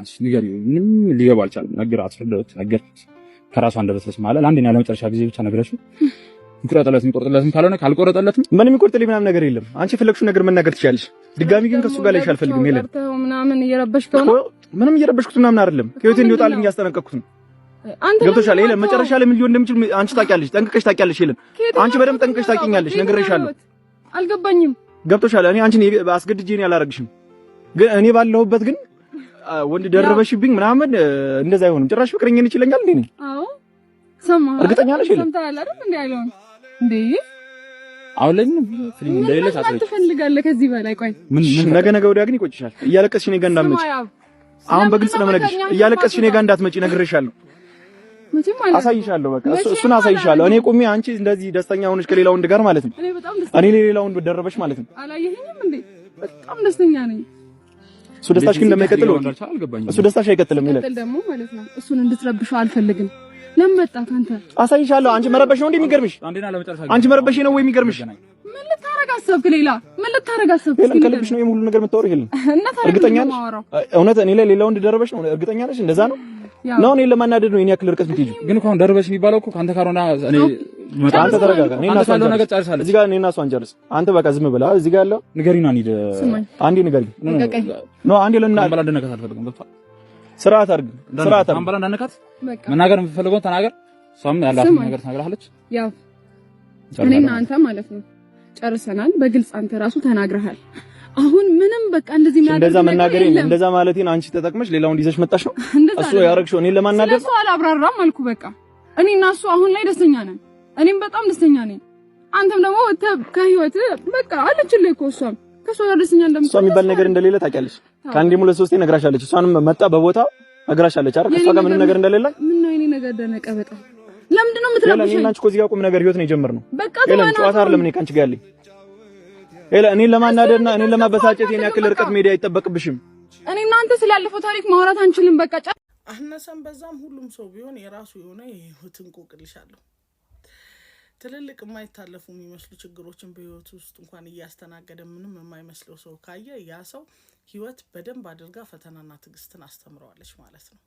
ቢያንስ ንገሪው። ምንም ሊገባ አልቻለም። ነገራት፣ ፍለወት ነገርኩት። ከራሱ አንደበት ተስማለ። ለአንደኛ ለመጨረሻ ጊዜ ብቻ ነግረሽው ይቆረጠለትም ይቆርጥለትም ካልሆነ ካልቆረጠለትም ምንም ይቆርጥልኝ ምናምን ነገር የለም። አንቺ የፈለግሽው ነገር መናገር ትችያለሽ። ድጋሚ ግን ከሱ ጋር ላይሽ አልፈልግም። የለም ምናምን እየረበሽከው ነው። ምንም እየረበሽኩት ምናምን አይደለም። ከህይወቴ እንዲወጣልኝ እያስጠነቀቅኩት ነው። ገብቶሻል? የለም መጨረሻ ላይ ምን ሊሆን እንደሚችል አንቺ ታውቂያለሽ፣ ጠንቅቀሽ ታውቂያለሽ። የለም አንቺ በደንብ ጠንቅቀሽ ታውቂኛለሽ። ነግሬሻለሁ። አልገባኝም። ገብቶሻል? እኔ አንቺን አስገድጄ እኔ አላረግሽም፣ ግን እኔ ባለሁበት ግን ወንድ ደረበሽብኝ ምናምን እንደዛ አይሆንም። ጭራሽ ፍቅረኛ ነኝ ይችለኛል እንዴ? አዎ ሰማ። እርግጠኛ ነሽ? ይለም ሰምተሃል አይደል? እንዴ አይሆን እንዴ? አሁን ለምን ፍሪ ፍሪም እንደሌለ ሳትረጭ ትፈልጋለህ? ከዚህ በላይ ቆይ፣ ምን ነገ ነገ ወዲያ ግን ይቆጭሻል። እያለቀስሽ እኔ ጋር እንዳትመጪ፣ አሁን በግልጽ ነው የምነግርሽ። እያለቀስሽ እኔ ጋር እንዳትመጪ እነግርሻለሁ። አሳይሻለሁ በቃ እሱን አሳይሻለሁ። እኔ ቁሜ አንቺ እንደዚህ ደስተኛ ሆነሽ ከሌላ ወንድ ጋር ማለት ነው እኔ ለሌላ ወንድ ደረበሽ ማለት ነው። አላየኸኝም እንዴ? በጣም ደስተኛ ነኝ። እሱ ደስታሽ ግን እንደማይቀጥል እሱ ደስታሽ አይቀጥልም። ደግሞ ማለት ነው እሱን እንድትረብሽው አልፈልግም። ለምን መጣህ አንተ? አሳይሻለሁ። አንቺ መረበሽ ነው እንዴ የሚገርምሽ? አንቺ መረበሽ ነው ወይ የሚገርምሽ? ምን ልታረግ አሰብክ? ሌላ ምን ልታረግ አሰብክ? ከልብሽ ነው የሙሉ ነገር የምታወሪው? ይሄን እርግጠኛ ነሽ? እውነት እኔ ላይ ወንድ እንደደረበሽ ነው እርግጠኛ ነሽ? እንደዛ ነው ነው እኔን ለማናደድ ነው የኔ ያክል ርቀት የምትሄጂው? ግን እኮ አሁን ደርበሽ የሚባለው እኮ ከአንተ ካልሆነ እኔ አንተ ተረጋጋ። እኔ እና እሷን አንተ በቃ ዝም ብላ እዚህ ጋር ያለው ንገሪና እንሂድ። አንዴ ንገሪኝ። ኖ አንዴ ለምን አንበላ እንደነካት አልፈልግም። በቃ ስርዓት አድርግ፣ ስርዓት አድርግ። አንበላ እንዳነካት መናገር የምትፈልገውን ተናገር። እሷም ያላትን ነገር ተናግራለች። ያው እኔና አንተ ማለት ነው ጨርሰናል። በግልጽ አንተ ራሱ ተናግረሃል። አሁን ምንም በቃ እንደዚህ ማለት እንደዛ መናገር እንደዛ ማለቴን አንቺ ተጠቅመሽ ሌላው ይዘሽ መጣሽ ነው እሱ ያረግሽው እኔን ለማናገር ስለሱ አላብራራም አልኩ። በቃ እኔ እና እሱ አሁን ላይ ደስተኛ ነን። እኔም በጣም ደስተኛ ነኝ። አንተም ደግሞ ከህይወት በቃ አለችልህ እኮ እሷም ከእሷ ጋር ደስተኛ እንደምትሆን እሷ የሚባል ነገር እንደሌለ ታውቂያለሽ። ከአንዴ ሁለት ሶስቴ ነግራሻለች። እሷንም መጣ በቦታ ነግራሻለች አይደል? ከእሷ ጋር ምንም ነገር እንደሌለ ምን ነው የእኔ ነገር ደነቀ በጣም ለምንድን ነው የምትረብሽኝ? እኔ እና አንቺ እኮ እዚህ ጋር ቁም ነገር ህይወት ነው የጀመርነው። በቃ ተማና ጨዋታ አይደለም እኔ ከአንቺ ጋር ያለኝ ኤላ እኔን ለማናደድና እኔን ለማበሳጨት የኔ ያክል ርቀት ሜዲያ አይጠበቅብሽም። እኔ እናንተ አንተ ስላለፈው ታሪክ ማውራት አንችልም። በቃ አነሰም በዛም ሁሉም ሰው ቢሆን የራሱ የሆነ የህይወት እንቆቅልሽ ትልልቅ የማይታለፉ የሚመስሉ ችግሮችን በህይወት ውስጥ እንኳን እያስተናገደ ምንም የማይመስለው ሰው ካየ ያ ሰው ህይወት በደንብ አድርጋ ፈተናና ትዕግስትን አስተምረዋለች ማለት ነው።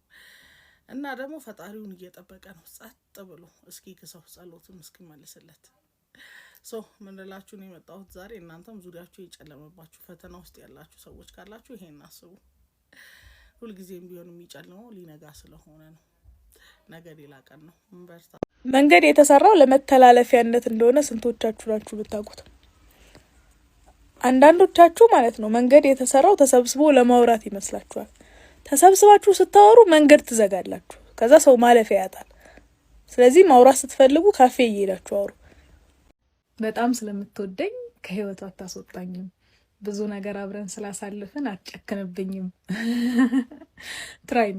እና ደግሞ ፈጣሪውን እየጠበቀ ነው፣ ጸጥ ብሎ እስኪ ክሰው ጸሎትም እስኪመልስለት ሶ ምንላችሁ ነው የመጣሁት ዛሬ። እናንተም ዙሪያችሁ የጨለመባችሁ ፈተና ውስጥ ያላችሁ ሰዎች ካላችሁ ይሄን አስቡ። ሁልጊዜም ቢሆን የሚጨልመው ሊነጋ ስለሆነ ነው። ነገ ሌላ ቀን ነው። እንበርታ። መንገድ የተሰራው ለመተላለፊያነት እንደሆነ ስንቶቻችሁ ናችሁ ብታውቁት? አንዳንዶቻችሁ ማለት ነው። መንገድ የተሰራው ተሰብስቦ ለማውራት ይመስላችኋል። ተሰብስባችሁ ስታወሩ መንገድ ትዘጋላችሁ። ከዛ ሰው ማለፊያ ያጣል። ስለዚህ ማውራት ስትፈልጉ ካፌ እየሄዳችሁ አውሩ። በጣም ስለምትወደኝ ከህይወቱ አታስወጣኝም። ብዙ ነገር አብረን ስላሳልፍን አትጨክንብኝም። ትራይ